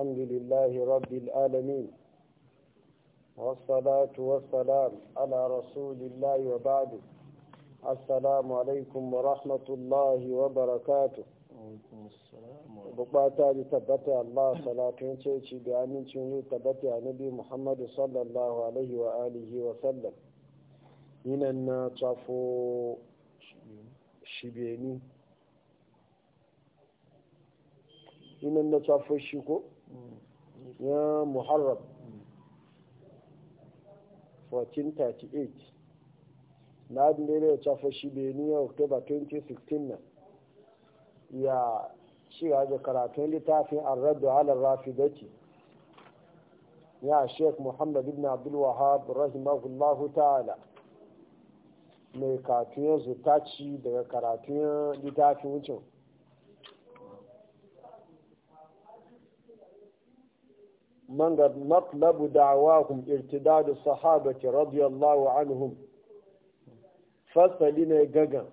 الحمد لله رب العالمين والصلاة والسلام على رسول الله وبعد السلام عليكم ورحمة الله وبركاته bukata da tabbata Allah salatun ce ci da amincin yi tabbata a nabi Muhammadu sallallahu alaihi wa alihi wa sallam yinan na tsafo shibeni yinan na tsafo shi ko ya muharram 1438 na abin da ya cafa shi benin oktoba 2016 na ya shiga da karatun littafin arraddu ala rafidati ya sheik muhammad ibn abdul wahab rahimahullahu ta'ala mai katun yanzu ci daga karatun littafin wucin من مطلب دعواهم ارتداد الصحابة رضي الله عنهم فصلنا جاجا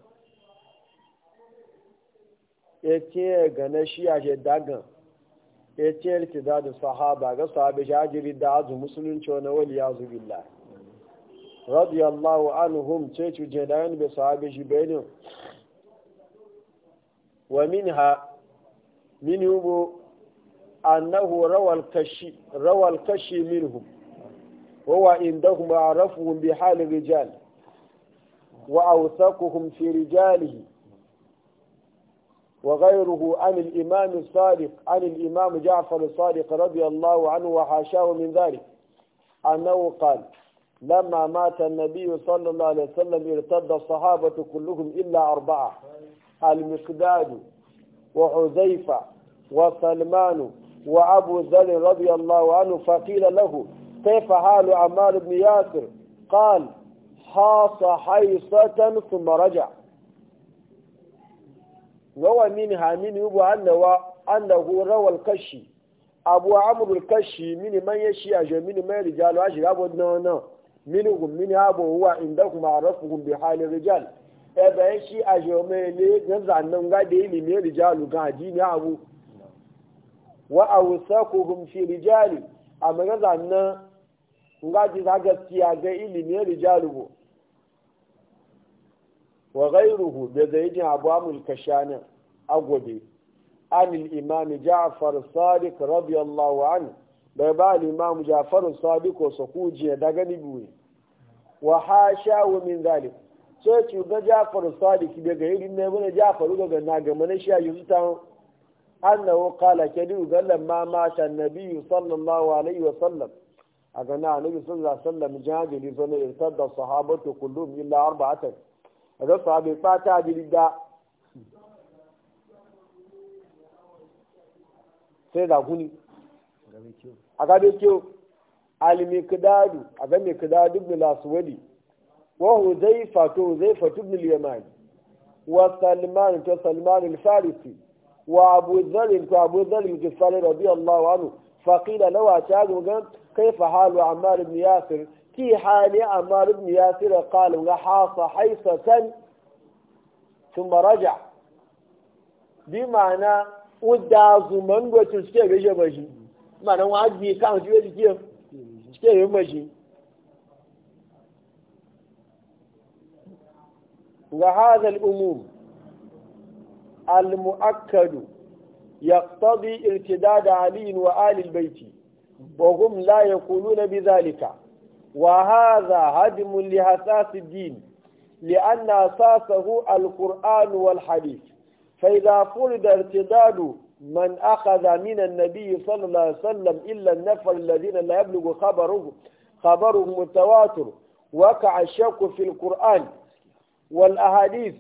ete gane shi a ke dagan ete irtida da sahaba ga sahabi jajiri da azu musulunci wani ya zubi la radiyallahu anhum ce cuje da benin wa min ha min أنه روى الكشي, روى الكشي منهم وهو عندهم أعرفهم بحال الرجال وأوثقهم في رجاله وغيره عن الإمام الصادق عن الإمام جعفر الصادق رضي الله عنه وحاشاه من ذلك أنه قال لما مات النبي صلى الله عليه وسلم ارتد الصحابة كلهم إلا أربعة المقداد وحذيفة وسلمان wa abu zari radiyallahu anu fakila lahu kaifa halu a malu miyasir kan ha sa hayi satan su maraja yawa mini ha mini ugbo an da wa kashi abu a amuru kashi mini manye shi a mini mayar jalo a shi abu na wana mini hu mini abu huwa inda ku ma rafu hu bi rijal ebe shi a jo mai ne zan zanen gade ilimin rijalu gadi ni abu wa awsakuhum fi rijali amma zanna nga ji za gaskiya ga ilimin rijalu bo wa gairuhu da zaidin abu amul kashana agwabe an imam ja'far sadiq radiyallahu an bai ba al-imam ja'far sadiq ko sakuji daga nibuwe wa wa min zalik sai ci ga ja'far sadiq daga irin ne mana ja'far daga na ga na shi ta annahu qala kadu gallan ma mata annabi sallallahu alaihi wa sallam aga na sallallahu alaihi wa sallam jajili zana irtadda sahabatu kullum illa arba'atan aga sahabi fata sai da guni aga be kiyo al-miqdadu aga miqdadu ibn al-aswadi wa hudhayfa to hudhayfa yamani wa salman to salman al Wa abu-dalil ta abu-dalil ta tsirrai, rabi Allah wa'anu. Fakila na wace a ga gan kaif a halu, amma Ibnifisir. Ki haani amma Ibnifisir a halu. Nga haisatan tun baraja. Ilima'ina wanda zun mamban tun cikin abinci ma ji. Ilima'ina wani zun kama zun kama jiki yadda yanzu. Cikin abinci ma ji. Nga hadal umur. المؤكد يقتضي ارتداد علي وآل البيت وهم لا يقولون بذلك وهذا هدم لأساس الدين لأن أساسه القرآن والحديث فإذا فرض ارتداد من أخذ من النبي صلى الله عليه وسلم إلا النفر الذين لا يبلغ خبرهم خبرهم التواتر وقع الشك في القرآن والأحاديث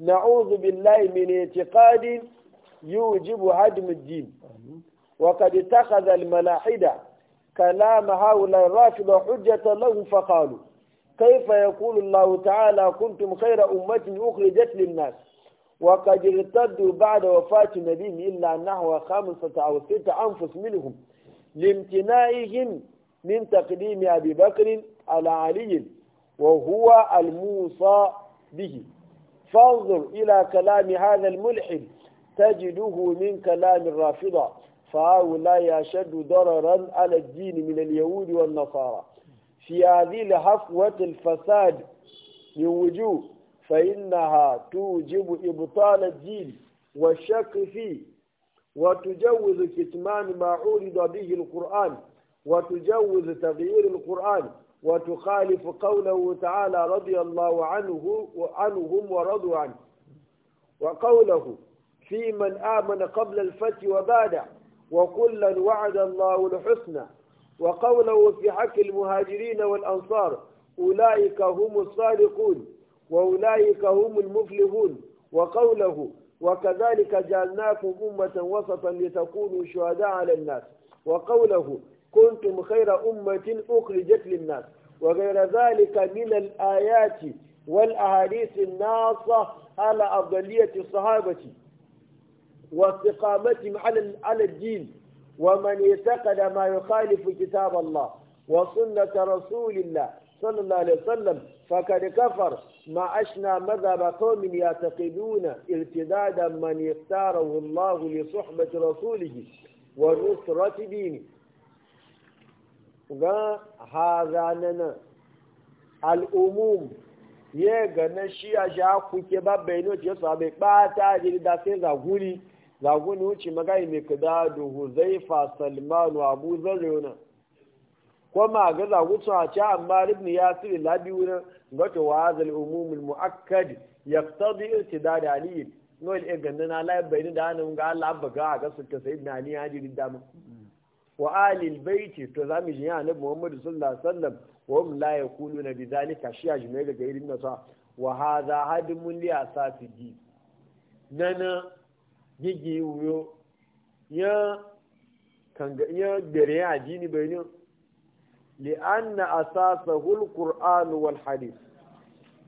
na'udhu billahi min i'tiqadin yujibu hadm ad-din wa qad ittakhadha al-malahida كلام هؤلاء الرافضة حجة لهم فقالوا كيف يقول الله تعالى كنتم خير أمة أخرجت للناس وقد ارتدوا بعد وفاة نبيهم إلا نحو خمسة أو ستة أنفس منهم لامتنائهم من تقديم أبي بكر على علي وهو الموصى به فانظر إلى كلام هذا الملحد تجده من كلام الرافضة فهؤلاء أشد ضررا على الدين من اليهود والنصارى في هذه الحفوة الفساد من وجوه فإنها توجب إبطال الدين والشك فيه وتجوز كتمان ما عورض به القرآن وتجوز تغيير القرآن وتخالف قوله تعالى رضي الله عنه وعنهم ورضوا عنه وقوله في من آمن قبل الفتح وبعد وكلا وعد الله الحسنى وقوله في حق المهاجرين والأنصار أولئك هم الصادقون وأولئك هم المفلحون وقوله وكذلك جعلناكم أمة وسطا لتكونوا شهداء على الناس وقوله Kuntun khayra ummatin ukhrijat linnas wa ghayra dhalika min al-ayati wal ahadith an-nasa ala afdaliyati sahabati wa istiqamati ala al-din wa man yataqada ma yukhalifu kitab Allah wa sunnata rasulillah sallallahu alayhi wasallam faqad kafar ma ashna madhhab qawmin yataqiduna irtidada man yaktarahu Allah li suhbati rasulihi wa nusrati dinihi ga haza nan al'umum ya gane shi a sha kuke babba yi noci ya sabai ɓata jiri da sai zaguri zaguni wuce magani mai kada da huzaifa salmanu abu zarre wunan kuma ga zagutu a ci amma ya yasir labi wunan gato wa hazal al’umumin mu'akkad yaqtadi da ali no il e ganna na la bayni da hannun ga Allah a ga a gasar ta na ni ya jiri wa alil baiti to za mu jiya annabi Muhammad sallallahu alaihi wasallam wa hum la yaquluna bidhalika shi'a jume daga irin sa wa hadha hadmun li asafidi nana gigi wuyo ya ga ya dare addini bayin li anna asasahu alquran wal hadith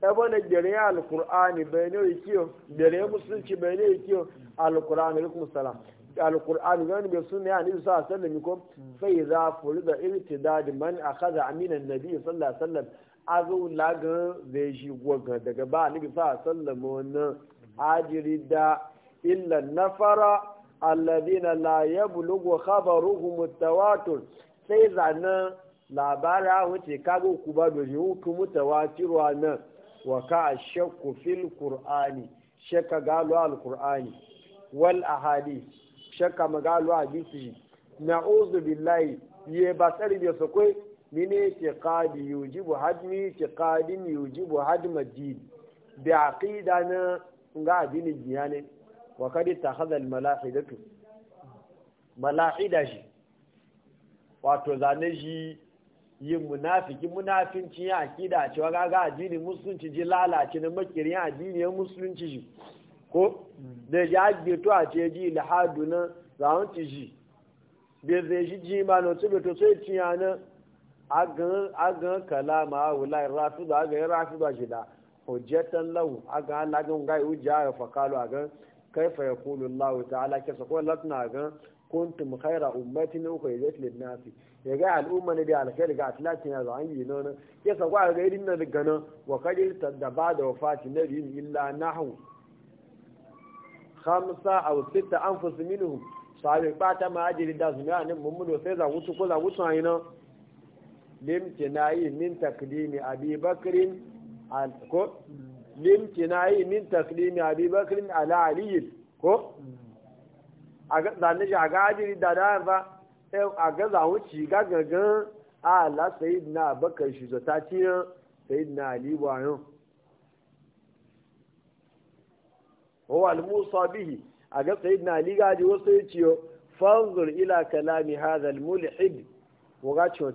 abana dare alquran bayin yake dare musulunci bayin yake alquran alaikum salam alkur'ani wani bai suna ya nabi sallallahu alaihi wasallam ko sai za furida irtidad man akhadha amina nabi sallallahu alaihi wasallam azu laga zai shi gwaga daga ba nabi sallallahu alaihi wasallam wannan ajiri da illa nafara alladhina la yablughu khabaruhum mutawatir sai zana labara wuce kago ku ba da hukum mutawatirwa nan wa ka shakku fil qur'ani shakka galo al qur'ani wal ahadith shakka magalu na na'udhu billahi ye ba sari da sakwai mine tiqadi yujibu hadmi tiqadin yujibu hadma jid bi aqida na ga adini jiyane wa kad takhadha al malahidatu malahida shi wato zane shi yi munafiki munafincin ya akida cewa ga ga adini musulunci ji lalace na makirin adini ya musulunci shi ko da ya gbeto a ce ji lahadu za zawon ti ji bai zai ji ji ma na tsobe to sai ciya na agan kalama a wula rafi ba aga da rafi ba shi da hujjatan lau aga halagan gai hujja ya fakalu agan kaifa ya kulu lau ta alaƙi sa kuma latin agan kuntum khaira ummatin uku ya zai na nasi ya ga al'umma ne da alkhairu ga atlatin ya zawon yi nan ya sa kwa ga irin na gana wa kadi da ba da wafati na rin illa nahu khamsa aw sita anfus minhu sabe pata ma ajiri da zuwa ne mun mun sai za wutu ko za wutu ayi na limtinayi min takdimi abi bakrin al ko limtinayi min takdimi abi bakrin ala ali ko aga da ne ga ajiri da da ba sai aga za wuci gagagan ala sayyidina bakar shi zata tiyan sayyidina ali wayan wa musa bihi a ga sayyidina ali gaji wasu ya ciyo fanzur ila kalami hadal al-mulhid wa ga ciwo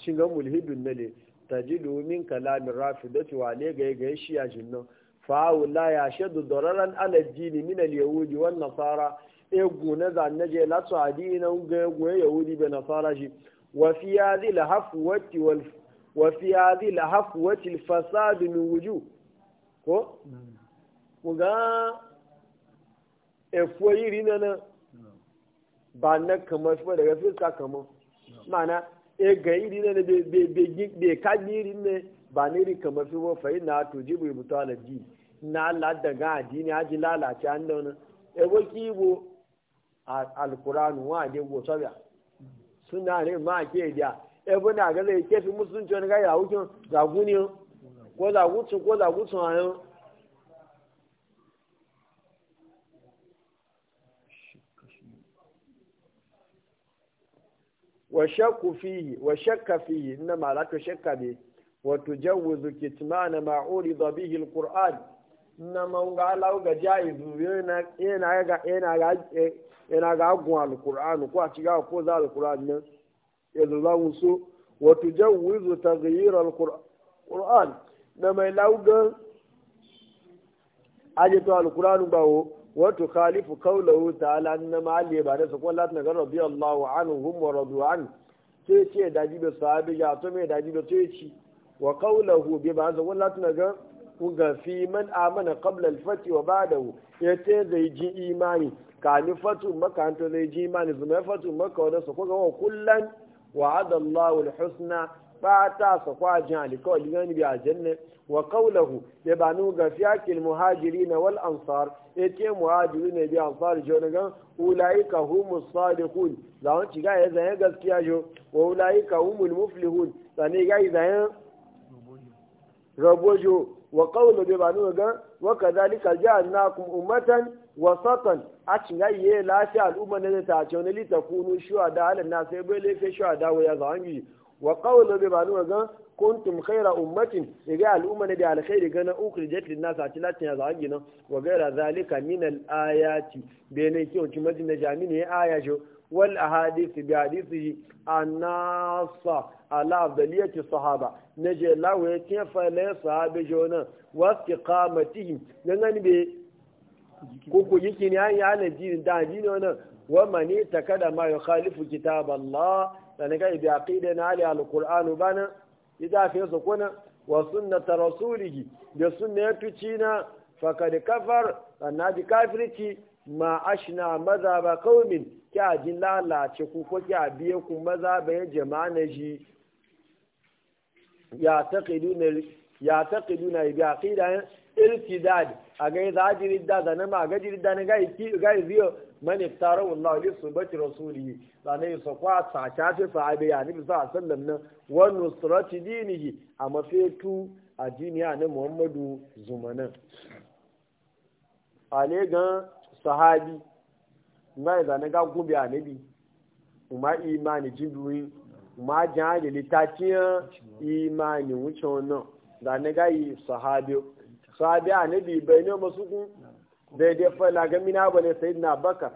cinga mulhidun ne le tajidu min kalami rafidati wa le ga ga shi ya jinno fa ya shaddu dararan ala dini min al-yahudi wan nasara egu na zannaje la su adina ga egu yahudi be nasara shi wa fi hadhihi al-hafwati wal ko ga efo yiri na na ba na kama shi daga fiska kama mana e ga yiri na na be ka yiri na ba ne ri kama fi wa fa ina to ji bu buta ala ji na la daga adini aji lalace an da wani e wo ki bo alquran wa de go sabia suna ne ma ke da e bu na ga le ke fi musulunci ne ga ya hukun zaguniyo ko zagutsun ko zagutsun ayo wa shakku fihi wa shakka fihi inna ma la shakka bi wa tujawwizu kitmana ma urida bihi alquran inna ma ga law ga jaizu yana yana ga yana ga yana ga gun alquran ko a ciga ko za alquran nan yanzu za mu so wa tujawwizu taghyir alquran na mai law ga aje to alquran wo. wato khalifu kaulahu ta'ala na ma'ali ba da sakon latin ga rabbi allahu anhu hum wa radu an sai ce da jibe sahabi ya to me da jibe to yaci wa kaulahu bi ba sakon latin ga ku ga fi man amana qabla al-fati wa ba'dahu yace zai ji imani ka ni fatu maka an to zai ji imani zuma fatu maka wa da sakon ga kullan wa'ada allah al-husna bata su kwajin alikawali gani biya janne wa kaulahu da ba nu ga fiyakil muhajiri na wal ansar ya e ce muhajiri ne biya ansar jo na gan ulaika humus sadiqun za wani ci ya zanye gaskiya jo wa ka humu muflihun sani ga yi rabo jo wa kaulahu da ba nu ga wa kazalika ja'alnakum ummatan wasatan a ciga yi lafiya al'umma ne ta ce wani litakunu shuhada alin na e sai bai lafiya da waya ya zangi wa qawlu bi banu ga kuntum khaira ummatin daga al'umma ne da alkhairi ga na ukhrijat lin nas a tilatin ya zagi nan wa gaira zalika min al ayati bene kiyon ki madina jamini ya aya jo wal ahadith bi hadithihi anasa ala afdaliyati sahaba naje lawe kin fa le sahabe jona wa istiqamatihim dan be kuku yake ne an yana jini da jini wannan wa mani takada ma da kitaballah gaibi a bi da na ali alquran bana idza fi sukuna wa sunnat rasulihi da sunnatu cina fakad kafar na ji kafirci ma ashna mazhaba qaumin a jin lalace ku ko a biye ku mazhaba ya jama'a na ji ya taqiduna ya taqiduna bi irtidad a ga za jirida da na maga jirida na ga iki ga ziyo man iftara wallahi li subati rasuli sanai so kwa sa ta ce sahabi ya nabi sallallahu alaihi wasallam wa a mafetu a diniya na muhammadu zumanan ale gan sahabi ngai da na ga gubi anabi kuma imani jibril kuma jani litatiyan imani wucin nan da na ga yi sahabi sahabi annabi bai ne masu kun daidai fala ga mina bane sayyidina bakar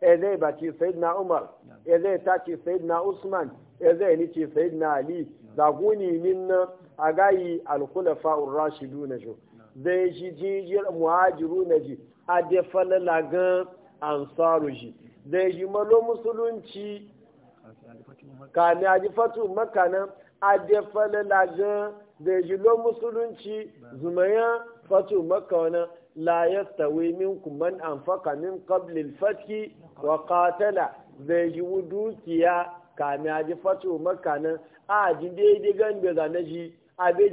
e zai baci sayyidina umar e zai taci sayyidina usman e zai nici sayyidina ali da guni min a gayi alkhulafa urashidu na jo zai shi jijiyar muhajiru na ji a da fala lagan ansaru ji zai shi malo musulunci kami a ji fatu makana a da fala lagan da jilo musulunci zumaya fatu makka wani la yastawi minkum man anfaqa min qabli al-fathi wa qatala da jiwu dukiya kame aji fatu makka nan a ji daidai gan da na ji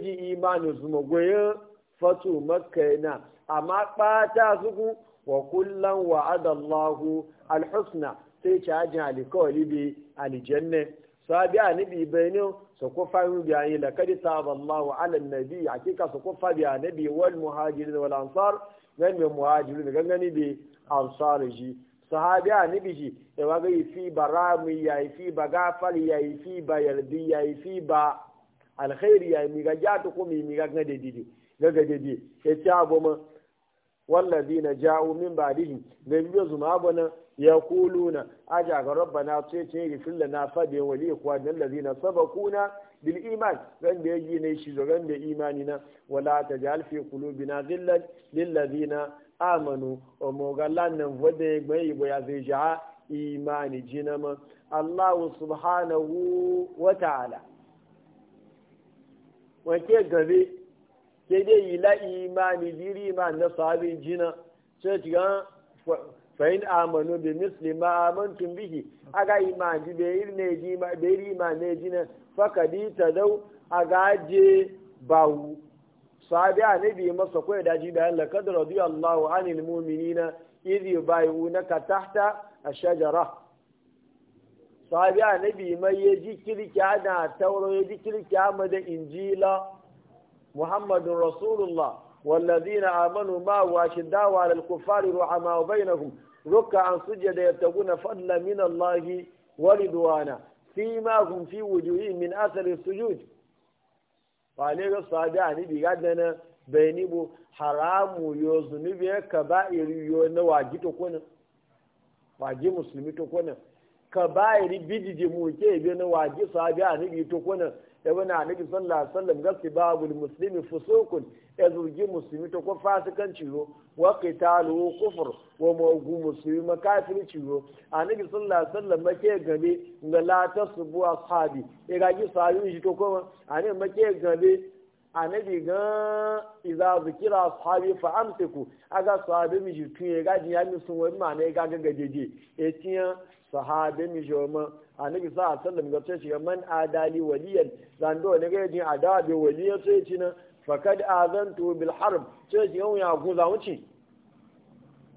ji imanu zuma goye fatu makka na amma ɓata suku wa kullan wa'adallahu al-husna sai ci ajin alikawali bi alijanna a nabi bayanin su ko fahimu biyayi la kadi taballahu ala a hakika su ko fabi nabi wal muhajirin wal ansar nan mai muhajirin gan gani bi ansar ji sahabi nabi ji ya waga yi fi barami ya yi fi ba gafar ya yi fi ba yardi ya yi fi ba alkhairi ya yi mi ga jatu ko mi mi ga gade didi ga gade didi ya ci abu ma wallazi na ja'u min ba'dihim da biyo zuma abu nan ya yaquluna aja ga rabbana sai ce gifir lana fa bi wali kuwa dan saba kuna bil iman ran da yi ne shi zo da imani na wala ta tajal fi qulubina na lil ladina amanu o mo galan nan ya gbe yi baya zai ja imani jinama allah subhanahu wa ta'ala wake gabe sai dai yi la imani diri ma na sahabin jina sai ci fa'in amanu bi misli ma amantum bihi aga imanji be iri ne ji ma be iri ma ne ji na fakadi tadau aga je bawu sahabi annabi masa ko da ji da Allah kad radiyallahu anil mu'minina idh yubayunaka tahta ash-shajara sahabi annabi mai yaji kirki ana tauro yaji kirki amada injila muhammadur rasulullah والذين آمنوا ما واشدوا على الكفار رحماء بينهم ruka an suje da ya tagu na fadla min Allahi wali duwana fi ma kun fi wujuyi min asali sujud ba ne ga sabi a ni biya da na bayani bu haramu yo zunubi ya ka ba iri yo na waji tokuna waji musulmi tokuna ka ba iri bidiji mu ke na waji sabi a ni biya tokuna da wani annabi sallallahu alaihi wasallam gaske babu muslimi fusukun ya zurgi musulmi to ko fasikanci yo wa qitalu kufur wa mawgu musulmi makafirci yo annabi sallallahu alaihi wasallam make gabe ga la tasbu ashabi ya ji sayu ji to ko annabi make gabe annabi ga idza zikira ashabi fa amsiku aga sahabi mi ji tun ya gaji ya mi sun wani ma ne ga gajeje etiyan sahabi mi joma annabi sallallahu alaihi wasallam ga ce man adali waliyan zando ne ga jin adawa be waliyan sai ci na fakad azantu bil harb ce ji yau ya ku za wuce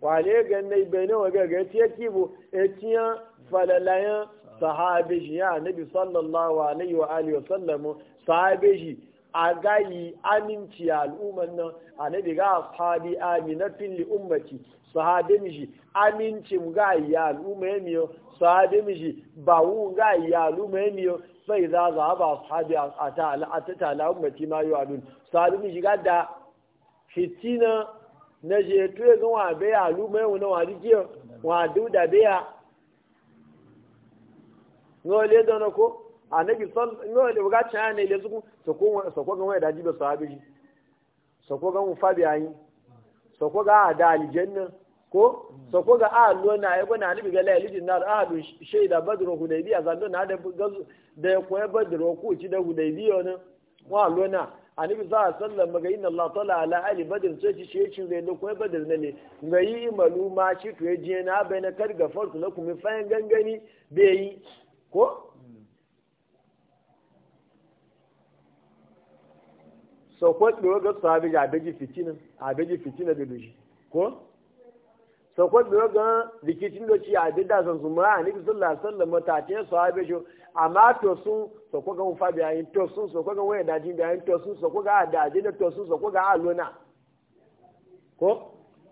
wale ga ne bai ne waga ga ce kibo etiya falalayan sahabi ya annabi sallallahu alaihi wa alihi wasallam sahabi a gayi aminci al'umman nan a annabi ga ashabi aminatin li ummati sahabe miji aminci ga ya al'umma yamiyo sahabe miji ba wu ga ya al'umma yamiyo sai za za ba ashabi a al'atata ala ummati ma Su sahabe miji ga da fitina na je tuye zan wa be al'umma yau na wadi ke wa duda be ya ngole dono ko annabi sallallahu alaihi wasallam ya ne le zuku so ko ga wai da be sahabi ko ga mu fabi ayi ko ga ada aljanna ko ko ga a lona ya bana annabi ga lailin nar ahadu shaida badru hudaybiya zando na da da ya badru ku ko ci da hudaybiya ne wa lona annabi sallallahu alaihi sallan ga inna allah tala ala ali badr sai ci shi ci zai da koyi badr ne ne ga yi maluma shi to ya je na bai na ga farku lakum fa gangani bai yi ko so ko tsoro ga sahabi ga abeji fitina abeji fitina da dushi ko so ko tsoro ga rikicin doci a bidda san su ma ni sallallahu alaihi wasallam ta ce sahabi jo amma to sun so ko ga ufa biyayin to sun so ko ga waya daji biyayin to sun so ko ga daji da to sun so ko ga alona ko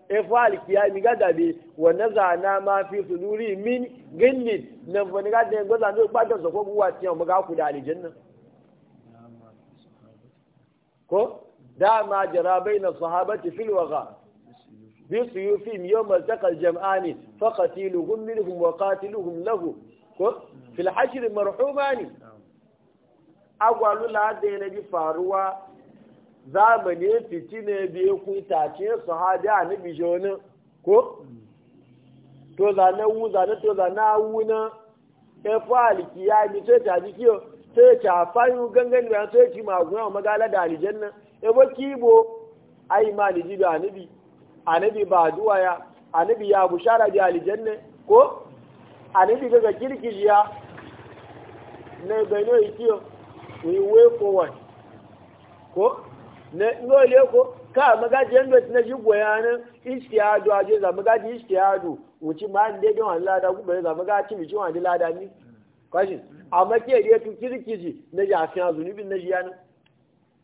efu alkiyami gada bi wa nazana ma fi suduri min gillin nan fa ni gada ne gwaza ne ba ta so ko buwa tiyan mu ga ku da aljanna ko dama bai na sahabati fil waga bi su yi fi miyon maltakar jam'ani lugun milhun wa lugun lagu ko fil hashir marhuma ne agwalula da yana bi faruwa zamani ne biyu ku su sahabi a nabi joni ko to zane wu zane to zane wu na efu alikiya ni ce ta jikiyo sai ta fayu gangan da sai ci maguna magala da aljanna ya ba kibo ai ma ni ji da anabi anabi ba duwa ya anabi ya bushara da aljanna ko anabi daga kirkijiya na gano ikiyo we way forward ko ne ngole ko ka magaji yanda na ji goyanin ishtiyadu aje za magaji ishtiyadu wuci ma inde don Allah da kuma za magaji mi ji wani lada ni kwashin amma ke riya tun kirkiji na jashiya zunubin na jiya nan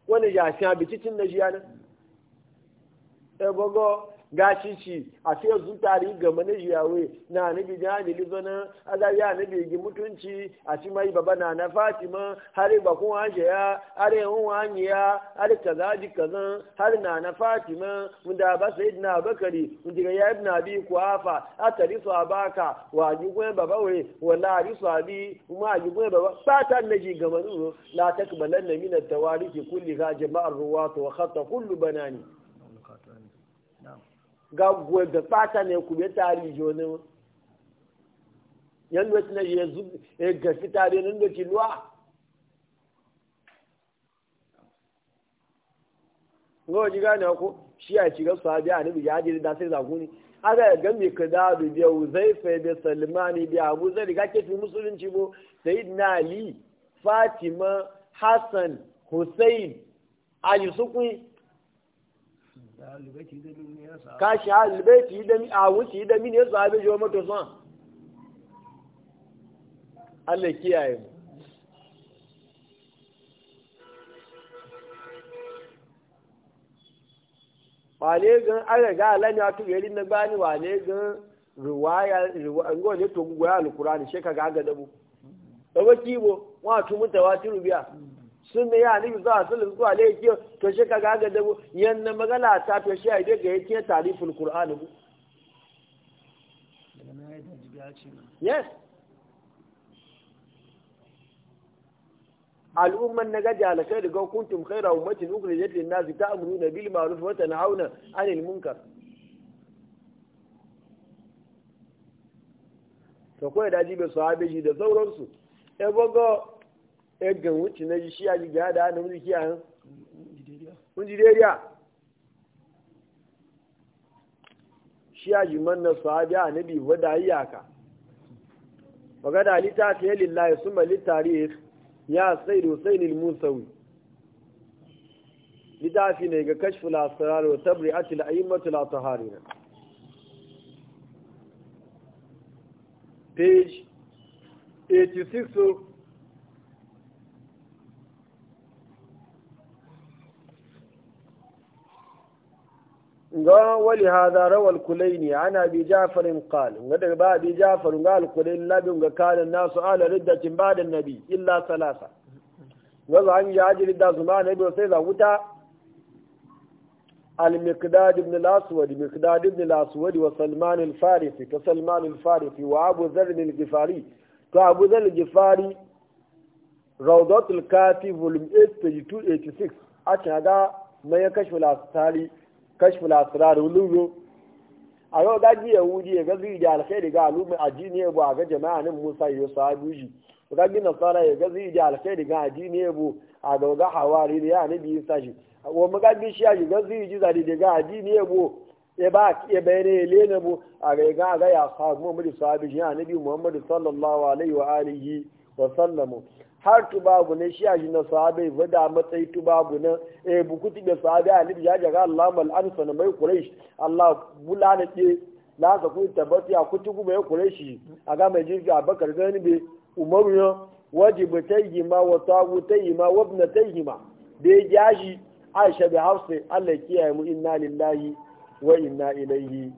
wani jashiya bicicin na jiya nan ɗaya e, gashi shi a fiye sun tarihi ga manajiyawe na anabi jani lizana azari anabi gi mutunci a ci mai baba na na fatima har ba kun wanshe ya har hun wani ya har kaza ji kaza har na na fatima mun da ba sai na bakari mun diga ya hafa a kuafa atari a baka wa ji gwen baba we a ri so abi kuma ji gwen baba sata naji ga manzo la takbalanna min tawari ke kulli ga jama'ar to wa khata kullu banani ga gwe da fata ne ku be tari ne? yan wetin na yezu e ga tari nan da ci luwa ga waje gane ko shi a ci ga sahabi annabi ya ji da sai zaguni aga ga mai kada da uzaifa da salmani da abu zai ga ke musulunci bo sayyidina ali fatima hassan hussein ali sukun kashi alibaiti da a wuce da mini ya zabe jiwa mato son Allah kiyaye mu wane gan an riga alani wato yari na gbani wane gan riwaya ngo ne to gugu ya alkurani sheka ga ga dabu dawo kibo wa tu mutawatir biya sun da ya nabi zuwa sulhu zuwa laifi to shi ka gaga da mu yanna magana ta to shi ai daga yake tarifin qur'ani mu yes al'umman na gaji alakai daga kuntum khaira ummatin ukhrijat lin nas ta'muruna bil ma'ruf wa tanhauna 'anil munkar to koyi su be sahabeji da sauransu e bogo ẹgbẹ̀rún wuce na shi a da hada na mulki a Nigeria. Shi a jiman na sahabi a nabi wadda iyaka. Magana littafi ya lillahi sun mali tarihi ya sai da sai nil musawi. Littafi ne ga kashfi lasarar wa tabri a tila ayyummatu latahari na. Page 86 nga wali hada rawal kulaini ana bi jafarin qal nga daga ba bi jafar ga al kulaini labin nga kana nasu ala riddatin ba'da nabi illa salasa ga an ya ajiri da zuma nabi sai za wuta al miqdad ibn al aswad miqdad ibn al aswad wa salman al farisi ka salman al farisi wa abu dharr al ghifari ka abu dharr al ghifari rawdatul kafi volume 8 page 286 a ga mai kashful asari kashful asrar lulu a yau gaji yahudi ya gazi da alkhairi ga alumin ajini bu a ga jama'a nan musa yi yo sahabuji gaji nasara ya gazi da alkhairi ga ajini bu a ga ga hawari da ya nabi isa shi wa magaji shi ya gazi ji zari da ga ajini bu ya ba ya bayane le ne bu a ga ya ga ya sahabu muhammadu sahabuji ya nabi muhammadu sallallahu alaihi wa alihi wasallamu har tubabu ne shi aji na sahabe wada matsayi tubabu na e bukuti da sahabe a libya ga Allah mal ansa na mai kureshi Allah bulana ke la ka ku tabbati a kuti ya mai a ga mai jirgi abakar gani bai umaru ya wajibu ma wa ta yi ma da ya be jaji Aisha da hausa Allah kiyaye mu inna lillahi wa inna ilaihi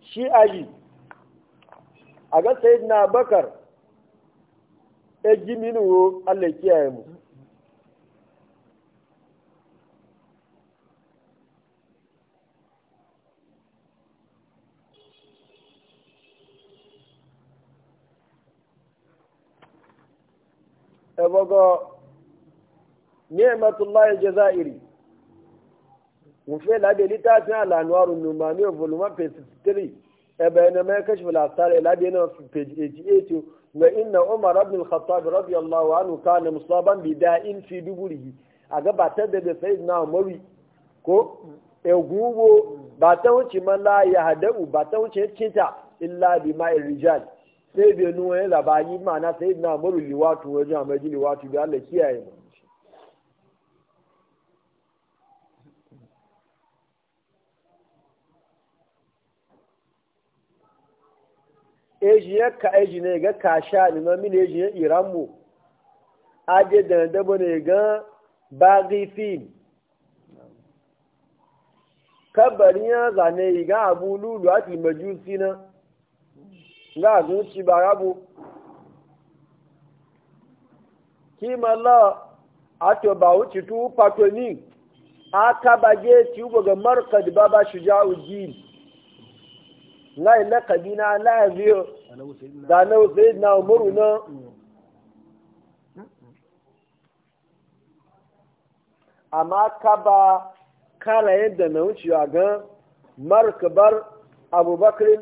shi aji a ga sayid na bakar e ji minuwo allah kiyaye mu E ebogo ni'matullahi jazairi mun fe labe littafin al'anwarun numani volume 53 بين ما كشف الأبطال إلى بين في وإن عمر بن الخطاب رضي الله عنه كان مصابا بداء في دبره أجاب تدب سيدنا عمر كو egungo ba ta wuce mala ya hada'u ba ta wuce cinta illa bi ma'in rijal sai bai nuwa ya labari ma'ana sai na maru liwatu wajen kiyaye mu eji ya ka eji ne ga kasha ni ma mi eji ya iran mu aje da da ne ga bagi fil kabari ya yi ga abu lulu a ti majusi na ga ci ba rabu kima la ato ba wuci tu patoni aka baje ci ubo ga markad baba shuja'u jini láì lẹ́kàbí náà da rí ọ na òṣèré na òmòrò náà àmá kábà kálàyé dànà òṣìṣẹ́ àgán markabar abubakar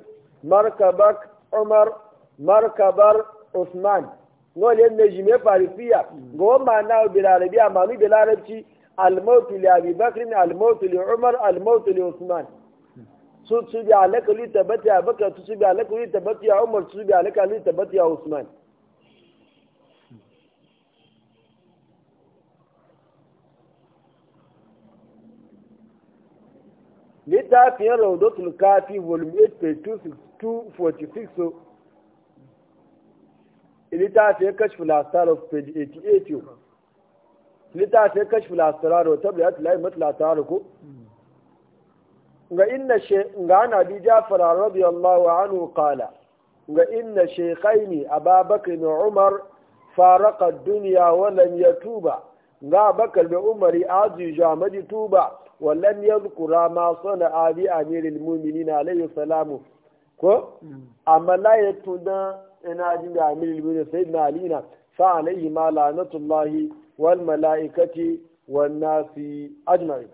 markabar umar markabar usman wọ́n yadda mẹ́jì mẹ́fà rí fíyà gọ́ọ́ máa náà bẹ̀rẹ̀ àrẹ̀bí àmàmí bẹ̀rẹ̀ àrẹ̀bí abubakar almọ́tò lè umar almọ́tò lè usman. su su bi alaka li tabbati abaka su su bi alaka li tabbati umar su bi alaka li tabbati a usman littafin rawdatul kafi volume 8 page 246 littafin kashful astar of page 88 littafin kashful astar of tabbiyat lai matla ta ko ga inna ga ana bi jafar radiyallahu anhu qala ga inna shaykhaini ababakar da umar faraka duniya wa lam yatuba ga bakar da umari azu jamadi tuba wa lam yadhkura ma sana'a bi amiril mu'minin alayhi salamu ko hmm. a la yatuna ina ji da amiril mu'minin sayyidina ali na fa alayhi ma lanatullahi wal malaikati wan nasi ajma'in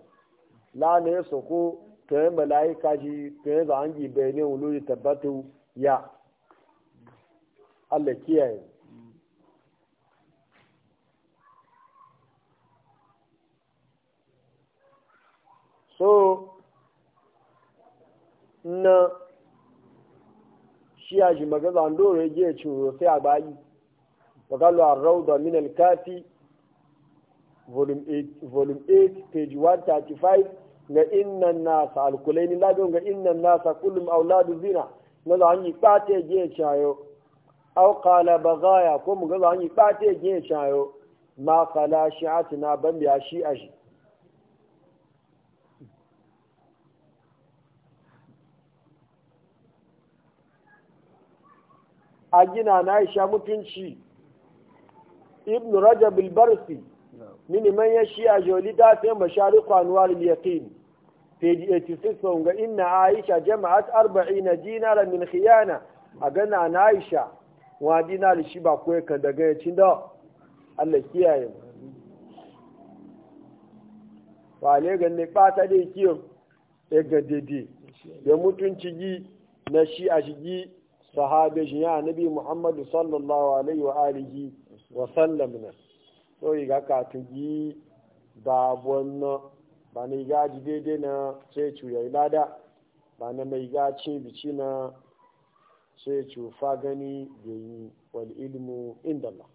la ne soko to yi mala'ika shi ta yi zangi bai ne wuluri tabbatu ya Allah kiyaye so na shi a shi magaza an doro ya je ciro sai a bayi wakalu a rauda min Kati volume 8 page 135 ga innan nasa alkulai alkulaini labin ga innan nasa kullum auladu zina na za hanyi ɓata je cayo au kala bagaya ko mu ga za hanyi ɓata je cayo ma kala shi'ati na ban biya shi a shi a gina na aisha mutunci ibn rajab al-barsi mini man ya shi a joli ta sai masharik anwar al-yaqin page 86 ga inna aisha jama'at 40 dinara min khiyana a gana na aisha wa dinar shi ba ko ka daga ya cin da Allah kiyaye mu wa le ga ne bata dai kiyo e ga dede da mutunci gi na shi a shigi sahabe shi ya nabi muhammadu sallallahu alaihi wa alihi wa sallam na so yi ga ka tugi babon na ba na ji daidai na sai cuya ilada ba na mai gaci bici na sai cufa gani da yi wal ilmu indallah